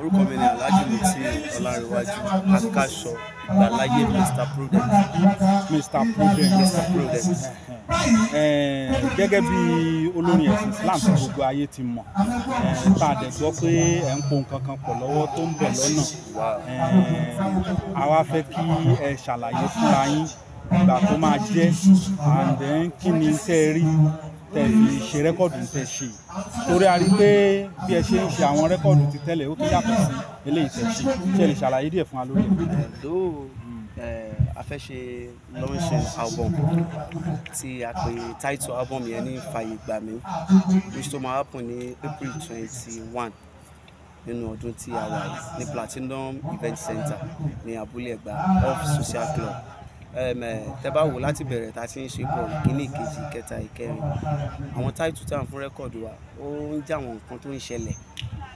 orúkọ mi ni alhaji muti ọlárẹwájú akáṣọ ìgbàláyé mr prudent. mr prudent. mr prudent. gẹ́gẹ́ bí olórin ẹ̀sìn islam tí gbogbo ayé ti mọ̀ tá a dẹ̀ gbọ́ pé ẹ̀ ń po nǹkan kan pọ̀ lọ́wọ́ tó ń bọ̀ lọ́nà àwa fẹ́ kí ẹ ṣàlàyé fúnra yín ìgbà tó máa jẹ́ and then kí ni iṣẹ́ rí tẹ́ fi ṣe rẹ́kọ̀dù tẹ́ ṣe torí a rí pé bí ẹ ṣe ń ṣe àwọn rẹ́kọ̀dù ti tẹ́lẹ̀ ó tún yàtọ̀ sí eléyìí tẹ́ ṣe ṣe lè ṣàlàyé díẹ̀ fún wa lórí ẹ̀. lóò a fẹ́ ṣe launching album tí a pè title album yẹn ní fàyè gbà mí which tó máa happen ní April twenty one nínú ọdún tí a wà ní Platinum Event Center ní Abúlé Ẹ̀gbá off Social Club. Eh, tẹ bá wò láti bẹ̀rẹ̀ tá a ti ń ṣe bọ̀ ìkíní ìkejì ìkẹta ìkẹrin àwọn táìtù tá à fún rẹ́kọ̀dù wa ó ń jẹ́ àwọn nǹkan tó ń ṣẹlẹ̀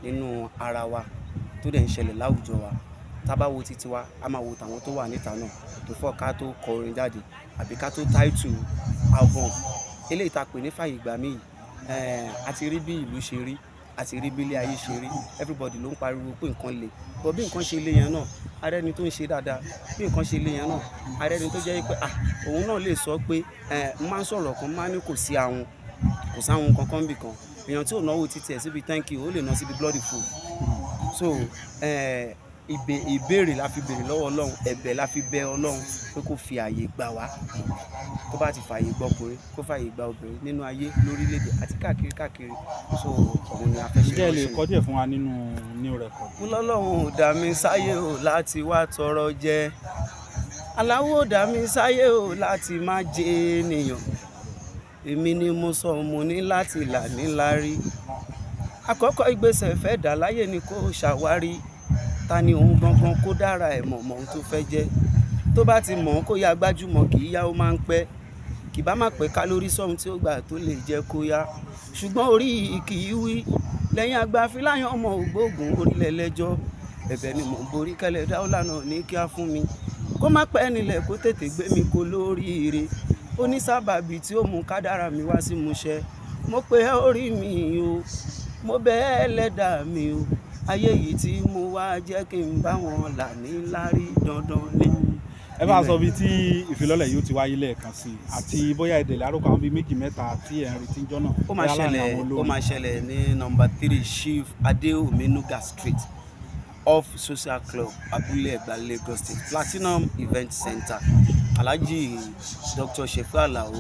nínú ara wa tó dẹ̀ ń ṣẹlẹ̀ láwùjọ wa tá a bá wo titi wa a máa wo tàwọn tó wà níta náà before ká tó kọ orin jáde àbí ká tó táìtù album eléyìí tá pè ní fàyè ìgbà míì a ti rí bí ìlú ṣe rí àti rí bílé ayé ṣe rí everybody ló ń pariwo pé nǹkan le but bí nǹkan ṣe le yẹn náà arẹni tó ń ṣe dáadáa bí nǹkan ṣe le yẹn náà arẹni tó jẹ́ pé ah òun náà lè sọ pé ẹ máa ń sọ̀rọ̀ kan máa ní kò sí àwọn kò sáwọn kankan bì kan èèyàn tí ò náwó títí ẹ̀ síbi thank you ó lè ná síbi bloody food so ẹ. Eh, ìbè ìbéèrè la fi béèrè lọ́wọ́ ọlọ́run ẹ̀bẹ̀ la fi bẹ ọlọ́run pé kó fi àyè gbà wá tó bá ti fààyè gba ọkùnrin kó fààyè gba obìnrin nínú ayé lórílẹ̀‐èdè àti káàkiri káàkiri so òun ni a fẹ́ ṣe. ǹjẹ́ lè kọ́ díẹ̀ fún wa nínú new record. mo lọ́lọ́run ò dá sáyé o láti wá tọrọ jẹ aláwọ̀ ò dá sáyé o láti má jẹ ènìyàn èmi ni mo sọ mo ní láti là níláárí àkọ́kọ́ ìgbésẹ̀ fẹ́ dà láyé ni kò ṣàwárí ta ni òun gangan kó dára ẹ̀ mọ̀ mọ̀ ohun tó fẹ́ jẹ́ tó bá ti mọ̀ ọ́n kó yá gbájúmọ̀ kì í yá ó máa ń pẹ́ kì bá má pẹ́ kálórí sọ́hun tí ó gbà tó lè jẹ́ kó yá ṣùgbọ́n orí kì í wí lẹ́yìn àgbà filáyàn ọmọ ògbóògùn orílẹ̀ lẹ́jọ́ ẹ̀bẹ̀ ni mò ń borí kẹlẹ̀ dáúlà náà ní kíá fún mi kó má pẹ́ nílẹ̀ kó tètè gbé mi kó lóríire ó ní sábàbí tí ó mú kádàrà mi wá sí mu mo pe orí mi o mo bẹ̀ ẹ́ ẹlẹ́dàá mi o ayé yìí tí mo wá jẹ́ kí n bá wọn là ní lárí dandan ni. ẹ bá sọ bíi tí ìfilọ́lẹ̀ yóò ti wáyé lẹ́ẹ̀kan sí i àti bóyá ẹ̀dẹ̀ lárúkọ àwọn bíi méjì mẹ́ta tí ẹ̀ ń retí jọ́nà. ó máa ṣẹlẹ̀ ó máa ṣẹlẹ̀ ní nọmba three chief adeominuga street off social club abúlé ẹ̀gbá lagos state platinum event center alhaji dr shefu alao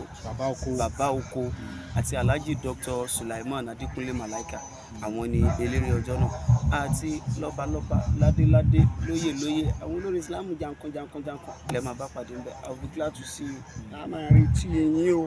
baba oko àti alhaji dr sulaiman adikunle malaika àwọn ni eléré ọjọ́ náà àti lọ́balọ́ba ládéládé lóyè lóyè àwọn olórí ìsìláàmù jankan jankan jankan lẹ́ẹ̀ máa bá pàdé ń i will be glad to see you. a máa retí eyín o.